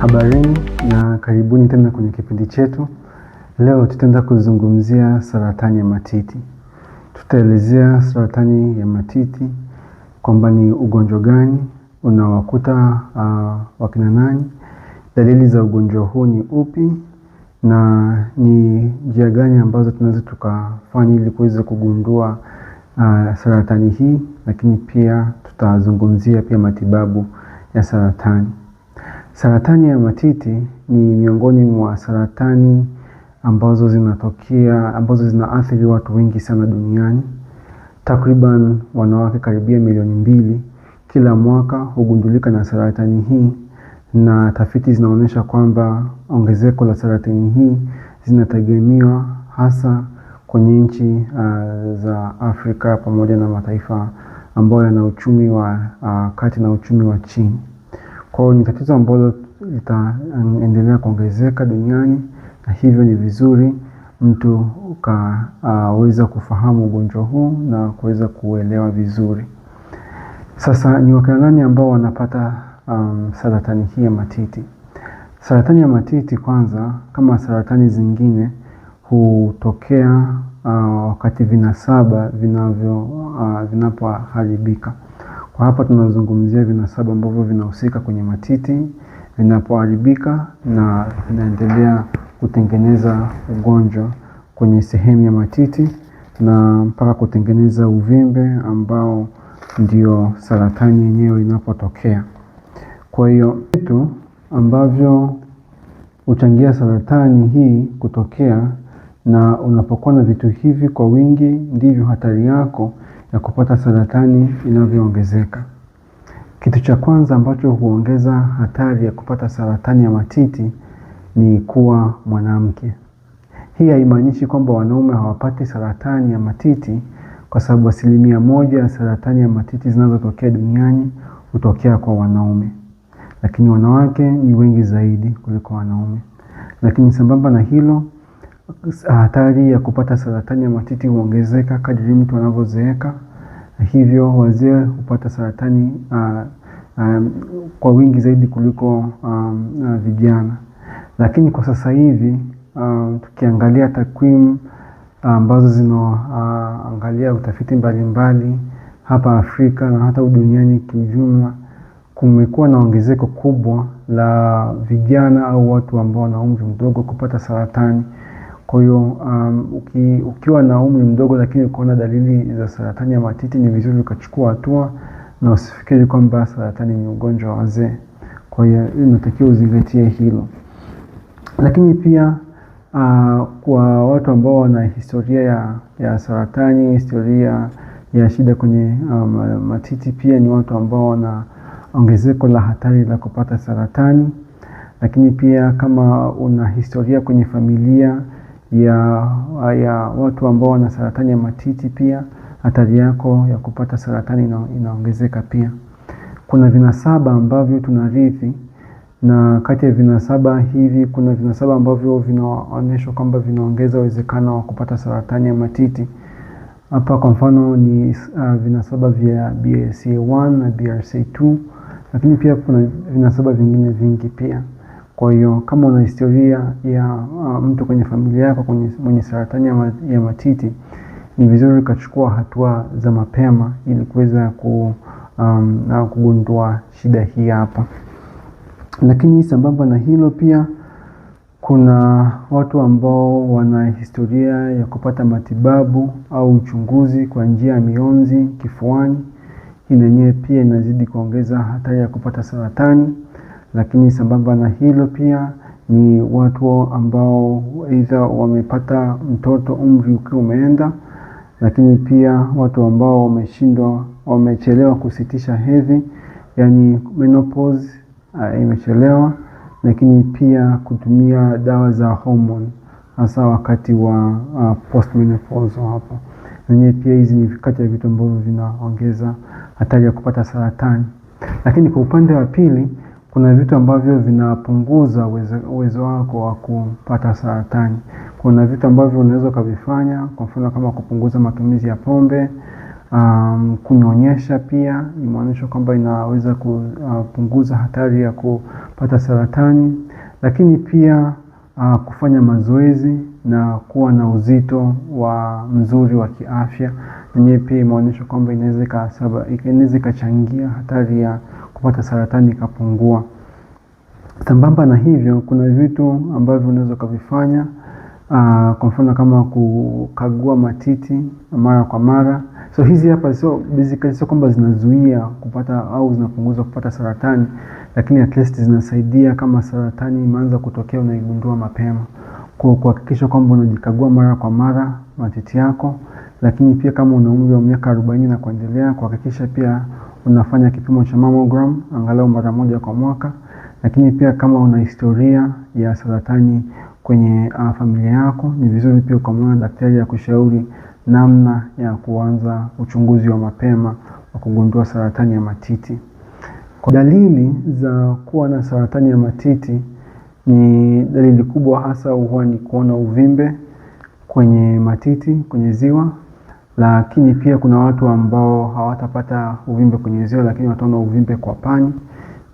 Habarini na karibuni tena kwenye kipindi chetu. Leo tutaenda kuzungumzia saratani ya matiti. Tutaelezea saratani ya matiti kwamba ni ugonjwa gani unawakuta, uh, wakina nani, dalili za ugonjwa huu ni upi, na ni njia gani ambazo tunaweza tukafanya ili kuweza kugundua uh, saratani hii, lakini pia tutazungumzia pia matibabu ya saratani. Saratani ya matiti ni miongoni mwa saratani ambazo zinatokea ambazo zinaathiri watu wengi sana duniani. Takriban wanawake karibia milioni mbili kila mwaka hugundulika na saratani hii na tafiti zinaonyesha kwamba ongezeko la saratani hii zinategemewa hasa kwenye nchi uh, za Afrika pamoja na mataifa ambayo yana uchumi wa uh, kati na uchumi wa chini. Kwa hiyo ni tatizo ambalo litaendelea kuongezeka duniani, na hivyo ni vizuri mtu ukaweza uh, kufahamu ugonjwa huu na kuweza kuelewa vizuri. Sasa ni wakina nani ambao wanapata um, saratani hii ya matiti. Saratani ya matiti kwanza, kama saratani zingine, hutokea uh, wakati vinasaba vinavyo uh, vinapoharibika. Kwa hapa tunazungumzia vinasaba ambavyo vinahusika kwenye matiti vinapoharibika na vinaendelea kutengeneza ugonjwa kwenye sehemu ya matiti na mpaka kutengeneza uvimbe ambao ndio saratani yenyewe inapotokea. Kwa hiyo vitu ambavyo huchangia saratani hii kutokea, na unapokuwa na vitu hivi kwa wingi, ndivyo hatari yako ya kupata saratani inavyoongezeka. Kitu cha kwanza ambacho huongeza hatari ya kupata saratani ya matiti ni kuwa mwanamke. Hii haimaanishi kwamba wanaume hawapati saratani ya matiti, kwa sababu asilimia moja ya saratani ya matiti zinazotokea duniani hutokea kwa wanaume lakini wanawake ni wengi zaidi kuliko wanaume. Lakini sambamba na hilo, hatari ya kupata saratani ya matiti huongezeka kadri mtu anavyozeeka, hivyo wazee hupata saratani uh, um, kwa wingi zaidi kuliko um, uh, vijana. Lakini kwa sasa hivi uh, tukiangalia takwimu ambazo uh, zinaangalia uh, utafiti mbalimbali mbali, hapa Afrika na hata duniani kiujumla kumekuwa na ongezeko kubwa la vijana au watu ambao wana umri mdogo kupata saratani. Kwa hiyo um, uki, ukiwa na umri mdogo lakini ukaona dalili za saratani ya matiti, ni vizuri ukachukua hatua na usifikiri kwamba saratani ni ugonjwa wa wazee. Kwa hiyo inatakiwa uzingatie hilo, lakini pia uh, kwa watu ambao wana historia ya, ya saratani, historia ya shida kwenye um, matiti, pia ni watu ambao wana ongezeko la hatari la kupata saratani. Lakini pia kama una historia kwenye familia ya, ya watu ambao wana saratani ya matiti, pia hatari yako ya kupata saratani ina, inaongezeka pia. Kuna vinasaba ambavyo tunarithi na kati ya vinasaba hivi kuna vinasaba ambavyo vinaonyeshwa kwamba vinaongeza uwezekano wa kupata saratani ya matiti. Hapa kwa mfano ni uh, vinasaba vya BRCA1 na BRCA2 lakini pia kuna vinasaba vingine vingi pia. Kwa hiyo kama una historia ya uh, mtu kwenye familia yako mwenye saratani ya matiti, ni vizuri ukachukua hatua za mapema ili kuweza ku, um, kugundua shida hii hapa. Lakini sambamba na hilo pia kuna watu ambao wana historia ya kupata matibabu au uchunguzi kwa njia ya mionzi kifuani hii yenyewe pia inazidi kuongeza hatari ya kupata saratani. Lakini sambamba na hilo pia ni watu ambao aidha wamepata mtoto umri ukiwa umeenda, lakini pia watu ambao wameshindwa, wamechelewa kusitisha hedhi, yani menopause uh, imechelewa, lakini pia kutumia dawa za hormone hasa wakati wa uh, ah, postmenopause hapo zenyewe pia hizi ni kati ya vitu ambavyo vinaongeza hatari ya kupata saratani. Lakini kwa upande wa pili, kuna vitu ambavyo vinapunguza uwezo wako wa kupata saratani. Kuna vitu ambavyo unaweza ukavifanya, kwa mfano kama kupunguza matumizi ya pombe. Um, kunyonyesha pia imeonyesha kwamba inaweza kupunguza uh, hatari ya kupata saratani, lakini pia uh, kufanya mazoezi na kuwa na uzito wa mzuri wa kiafya, yenyewe pia imeonyesha kwamba inaweza ikachangia hatari ya kupata saratani ikapungua. Sambamba na hivyo, kuna vitu ambavyo unaweza ukavifanya, ah, kwa mfano kama kukagua matiti mara kwa mara. So hizi hapa sio basically, sio kwamba zinazuia kupata au zinapunguza kupata saratani, lakini at least zinasaidia kama saratani imeanza kutokea unaigundua mapema kwa kuhakikisha kwamba unajikagua mara kwa mara matiti yako, lakini pia kama una umri wa miaka arobaini na kuendelea, kuhakikisha pia unafanya kipimo cha mammogram angalau mara moja kwa mwaka, lakini pia kama una historia ya saratani kwenye uh, familia yako, ni vizuri pia ukamwona daktari ya kushauri namna ya kuanza uchunguzi wa mapema wa kugundua saratani ya matiti. Kwa dalili za kuwa na saratani ya matiti ni dalili kubwa hasa huwa ni kuona uvimbe kwenye matiti, kwenye ziwa, lakini pia kuna watu ambao hawatapata uvimbe kwenye ziwa, lakini wataona uvimbe kwa pani.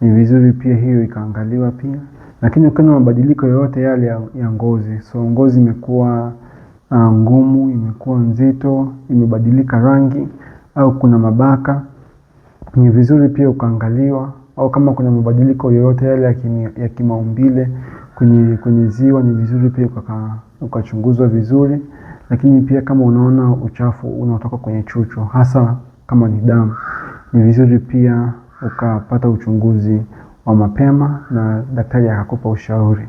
Ni vizuri pia hiyo ikaangaliwa pia, lakini ukiona mabadiliko yoyote yale ya, ya ngozi, so ngozi imekuwa uh, ngumu, imekuwa nzito, imebadilika rangi au kuna mabaka, ni vizuri pia ukaangaliwa, au kama kuna mabadiliko yoyote yale ya kimaumbile kwenye, kwenye ziwa ni vizuri pia ukachunguzwa vizuri, lakini pia kama unaona uchafu unaotoka kwenye chuchu hasa kama ni damu, ni vizuri pia ukapata uchunguzi wa mapema na daktari akakupa ushauri.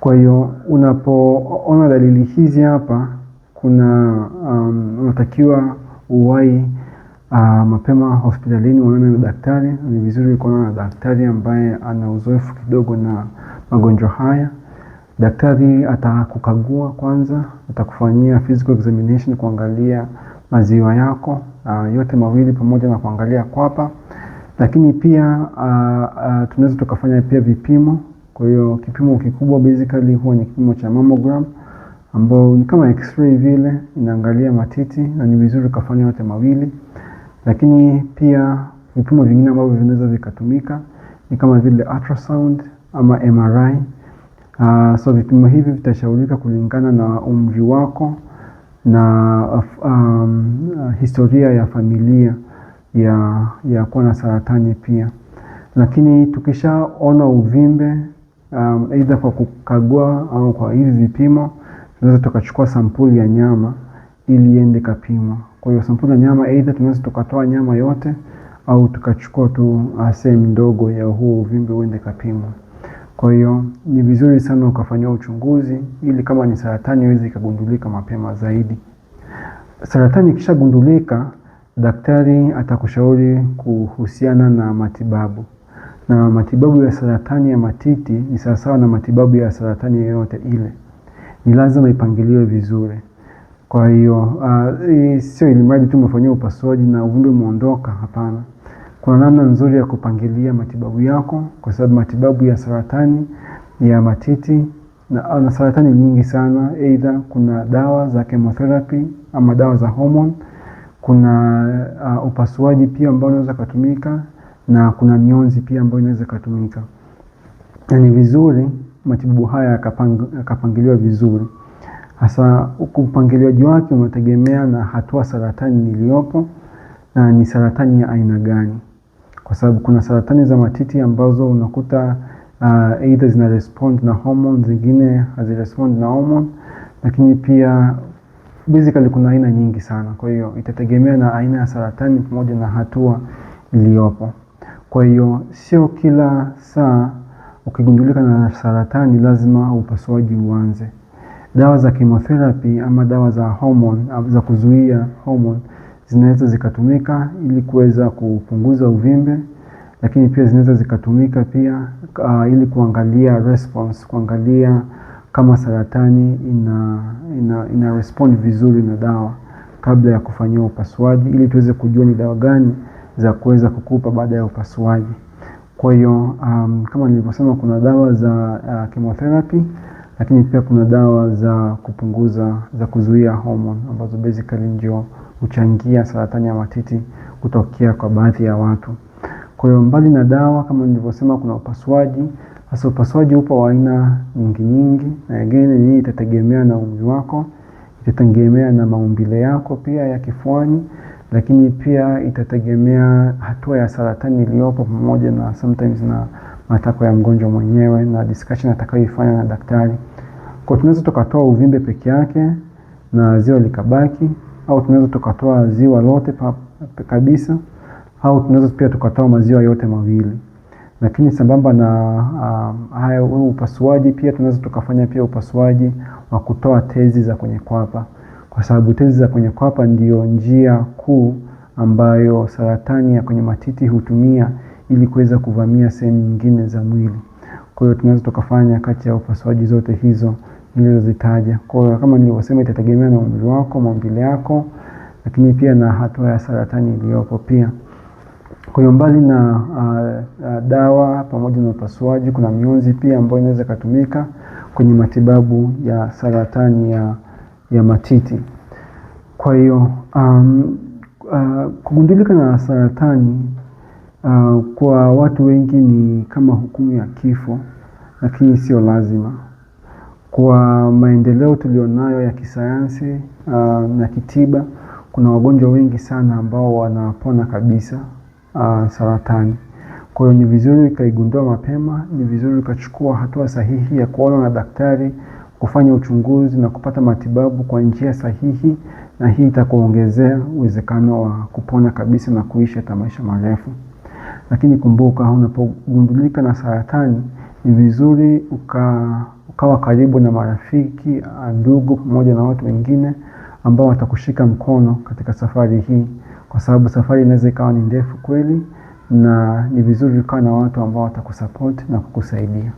Kwa hiyo unapoona dalili hizi hapa, kuna um, unatakiwa uwai uh, mapema hospitalini, uonane na daktari. Ni vizuri kuonana na daktari ambaye ana uzoefu kidogo na magonjwa haya. Daktari atakukagua kwanza, atakufanyia physical examination, kuangalia maziwa yako uh, yote mawili pamoja na kuangalia kwapa, lakini pia uh, uh, tunaweza tukafanya pia vipimo. Kwa hiyo kipimo kikubwa basically huwa ni kipimo cha mammogram ambao ni kama x-ray vile, inaangalia matiti na ni vizuri ukafanya yote mawili, lakini pia vipimo vingine ambavyo vinaweza vikatumika ni kama vile ultrasound ama MRI. Uh, ah, so vipimo hivi vitashaurika kulingana na umri wako na um, historia ya familia ya, ya kuwa na saratani pia. Lakini tukishaona uvimbe um, aidha kwa kukagua au kwa hivi vipimo, tunaweza tukachukua sampuli ya nyama ili iende kapimwa. Kwa hiyo sampuli ya nyama, aidha tunaweza tukatoa nyama yote au tukachukua tu ah, sehemu ndogo ya huo uvimbe uende kapimwa. Kwa hiyo ni vizuri sana ukafanyiwa uchunguzi ili kama ni saratani iweze ikagundulika mapema zaidi. Saratani ikishagundulika, daktari atakushauri kuhusiana na matibabu, na matibabu ya saratani ya matiti ni sawasawa na matibabu ya saratani yoyote ile, ni lazima ipangiliwe vizuri. Kwa hiyo uh, sio ilimradi tu umefanyiwa upasuaji na uvimbe umeondoka. Hapana. Kuna namna nzuri ya kupangilia matibabu yako, kwa sababu matibabu ya saratani ya matiti na, na saratani nyingi sana, aidha kuna dawa za chemotherapy ama dawa za hormone, kuna uh, upasuaji pia ambao unaweza kutumika na kuna mionzi pia ambayo inaweza kutumika, na ni vizuri matibabu haya yakapangiliwa vizuri. Hasa upangiliwaji wake unategemea na hatua saratani niliyopo na ni saratani ya aina gani kwa sababu kuna saratani za matiti ambazo unakuta uh, either zina respond na hormone, zingine hazirespond na hormone, lakini pia basically kuna aina nyingi sana. Kwa hiyo itategemea na aina ya saratani pamoja na hatua iliyopo. Kwa hiyo sio kila saa ukigundulika na saratani lazima upasuaji uanze. Dawa za chemotherapy ama dawa za hormone za kuzuia hormone zinaweza zikatumika ili kuweza kupunguza uvimbe, lakini pia zinaweza zikatumika pia uh, ili kuangalia response, kuangalia kama saratani ina, ina, ina respond vizuri na dawa kabla ya kufanyia upasuaji, ili tuweze kujua ni dawa gani za kuweza kukupa baada ya upasuaji. Kwa hiyo um, kama nilivyosema kuna dawa za uh, chemotherapy lakini pia kuna dawa za kupunguza za kuzuia homoni ambazo basically ndio huchangia saratani ya matiti kutokea kwa baadhi ya watu. Kwa hiyo mbali na dawa kama nilivyosema, kuna upasuaji. Sasa upasuaji upo wa aina nyingi nyingi, na again hii itategemea na umri wako, itategemea na maumbile yako pia ya kifuani, lakini pia itategemea hatua ya saratani iliyopo, pamoja na sometimes na matakwa ya mgonjwa mwenyewe na discussion atakayoifanya na daktari. Kwa tunaweza tukatoa uvimbe peke yake na zio likabaki au tunaweza tukatoa ziwa lote pa, kabisa au tunaweza pia tukatoa maziwa yote mawili. Lakini sambamba na um, haya upasuaji pia tunaweza tukafanya pia upasuaji wa kutoa tezi za kwenye kwapa, kwa sababu tezi za kwenye kwapa ndiyo njia kuu ambayo saratani ya kwenye matiti hutumia ili kuweza kuvamia sehemu nyingine za mwili. Kwa hiyo tunaweza tukafanya kati ya upasuaji zote hizo nilizozitaja. Kwa hiyo kama nilivyosema, itategemea na umri wako, maumbile yako, lakini pia na hatua ya saratani iliyopo pia. Kwa hiyo mbali na uh, uh, dawa pamoja na upasuaji, kuna mionzi pia ambayo inaweza ikatumika kwenye matibabu ya saratani ya, ya matiti. Kwa hiyo um, uh, kugundulika na saratani uh, kwa watu wengi ni kama hukumu ya kifo, lakini sio lazima. Kwa maendeleo tulionayo ya kisayansi uh, na kitiba, kuna wagonjwa wengi sana ambao wanapona kabisa uh, saratani. Kwa hiyo ni vizuri ukaigundua mapema, ni vizuri ukachukua hatua sahihi ya kuona na daktari, kufanya uchunguzi na kupata matibabu kwa njia sahihi, na hii itakuongezea uwezekano wa kupona kabisa na kuishi hata maisha marefu. Lakini kumbuka, unapogundulika na saratani ni vizuri uka, ukawa karibu na marafiki, ndugu pamoja na watu wengine ambao watakushika mkono katika safari hii, kwa sababu safari inaweza ikawa ni ndefu kweli, na ni vizuri ukawa na watu ambao watakusupport na kukusaidia.